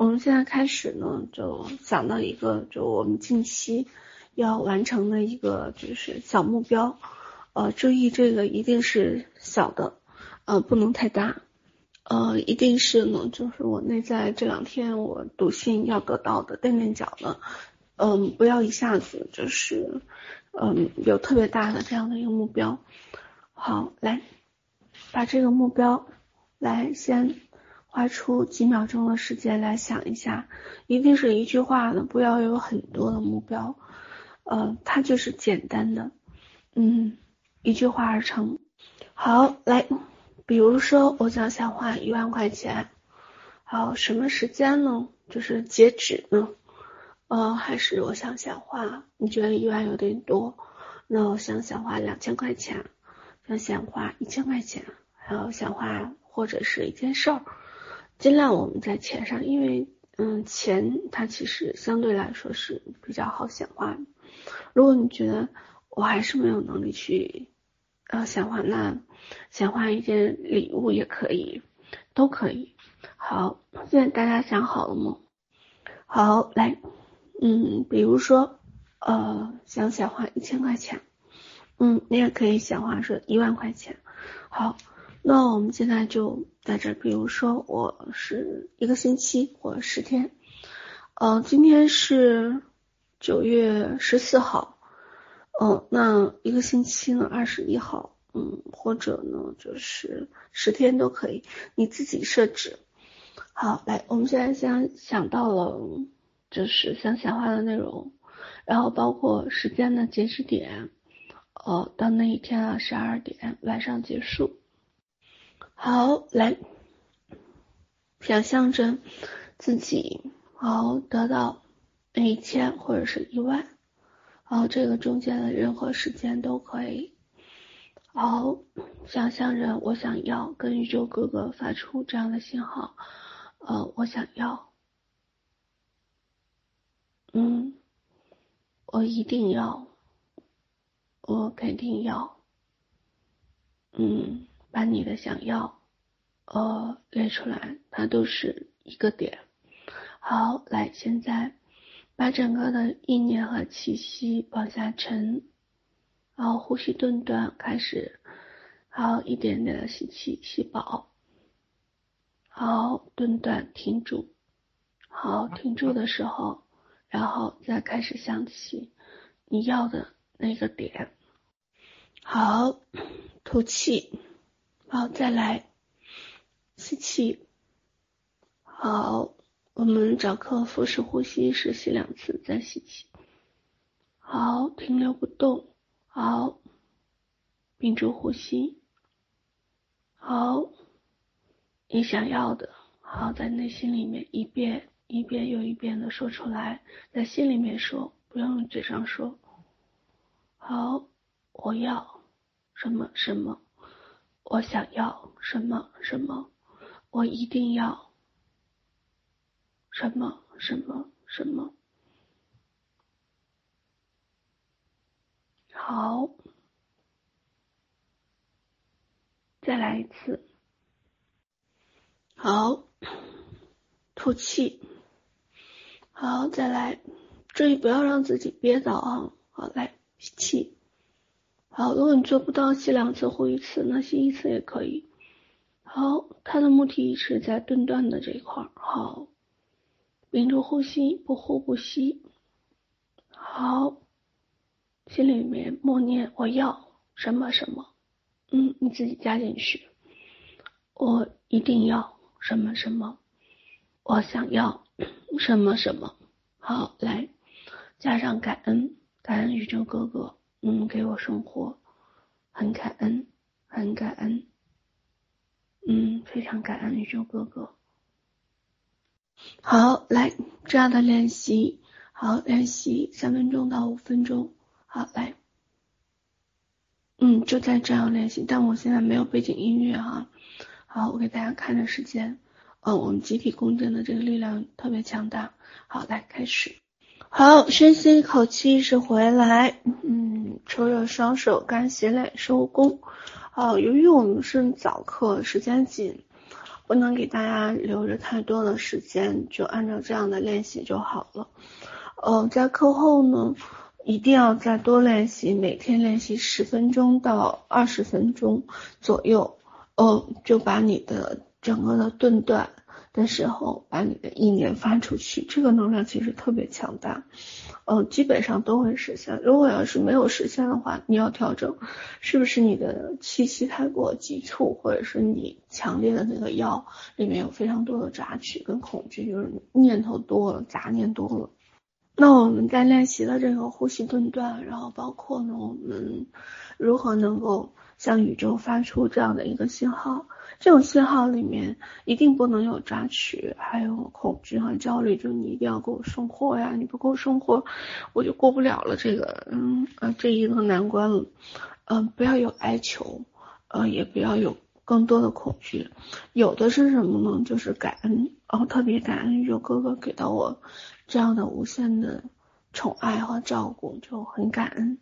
我們現在開始呢，就想到一個，就我們近期要完成的一個就是小目標，呃，注意這個一定是小的，呃，不能太大，呃，一定是呢，就是我內在這兩天我篤信要得到的墊墊腳的，嗯，不要一下子就是，嗯，有特別大的這樣的一個目標，好，來，把這個目標，來，先。花出幾秒鐘的時間來想一下，一定是一句話的，不要有很多的目標，嗯、呃，它就是簡單的，嗯，一句話而成。好，來，比如說我想想花一萬塊錢，好，什麼時間呢？就是截止呢？呃，還是我想想花？你覺得一萬有點多？那我想想花兩千塊錢，想想花一千塊錢，還有想花或者是一件事兒。盡量我們在錢上，因為嗯，錢它其實相對來說是比較好顯化的。如果你覺得我還是沒有能力去呃顯化，那顯化一件禮物也可以，都可以。好，現在大家想好了嗎？好，來，嗯，比如說呃想顯化一千塊錢，嗯，你也可以顯化說一萬塊錢。好。那我們現在就在這，比如說我是一個星期或十天，嗯、呃，今天是九月十四號，嗯、呃，那一個星期呢，二十一號，嗯，或者呢就是十天都可以，你自己設置。好，來，我們現在先想，想到了就是想顯化的內容，然後包括時間的截止點，哦、呃，到那一天啊十二點晚上結束。好，來想象着自己，好得到一千或者是一萬，好，這個中間的任何時間都可以。好，想象着我想要跟宇宙哥哥發出這樣的信號，呃，我想要，嗯，我一定要，我肯定要，嗯。把你的想要，呃，列出來，它都是一個點。好，來，現在把整個的意念和氣息往下沉，好，呼吸頓斷，開始，好，一點點的吸氣吸飽，好頓斷停住，好停住的時候，然後再開始想起你要的那個點，好，吐氣。好，再來，吸氣。好，我們找腹式呼吸，深吸兩次，再吸氣。好，停留不動。好，屏住呼吸。好，你想要的，好，在內心裡面一遍一遍又一遍的說出來，在心裡面說，不要用嘴上說。好，我要什麼什麼。什麼我想要什麼什麼，我一定要什麼什麼什麼。好，再來一次。好，吐氣。好，再來，注意不要讓自己憋到啊。好，來，吸氣。好，如果你做不到吸兩次呼一次，那吸一次也可以。好，它的目的是在頓斷的這一塊。好，屏住呼吸，不呼不吸。好，心裡面默念我要什麼什麼，嗯，你自己加進去。我一定要什麼什麼，我想要什麼什麼。好，來，加上感恩，感恩宇宙哥哥。嗯，給我生活，很感恩，很感恩，嗯，非常感恩宇宙哥哥。好，來這樣的練習，好練習三分鐘到五分鐘，好來，嗯，就在這樣練習，但我現在沒有背景音樂哈、啊。好，我給大家看著時間，嗯、哦，我們集體共振的這個力量特別強大。好，來開始，好，深吸一口氣，意識回來，嗯。搓熱、雙手，乾洗臉，收功。哦、啊，由於我們是早課，時間緊，不能給大家留着太多的時間，就按照這樣的練習就好了。哦、呃，在課後呢，一定要再多練習，每天練習十分鐘到二十分鐘左右。哦、呃，就把你的整個的頓斷。的時候，把你的意念發出去，這個能量其實特別強大，嗯、呃，基本上都會實現。如果要是沒有實現的話，你要調整，是不是你的氣息太過急促，或者是你強烈的那個要裡面有非常多的抓取跟恐懼，就是念頭多了，雜念多了。那我們在練習的這個呼吸頓斷，然後包括呢，我們如何能夠向宇宙發出這樣的一個信號？這種信號裡面一定不能有抓取、還有恐懼和焦慮，就你一定要給我送貨呀，你不給我送貨，我就過不了了這個嗯呃這一個難關了，嗯、呃，不要有哀求，呃，也不要有更多的恐懼，有的是什麼呢？就是感恩，然、哦、後特別感恩宇宙哥哥給到我。這樣的無限的寵愛和照顧，就很感恩。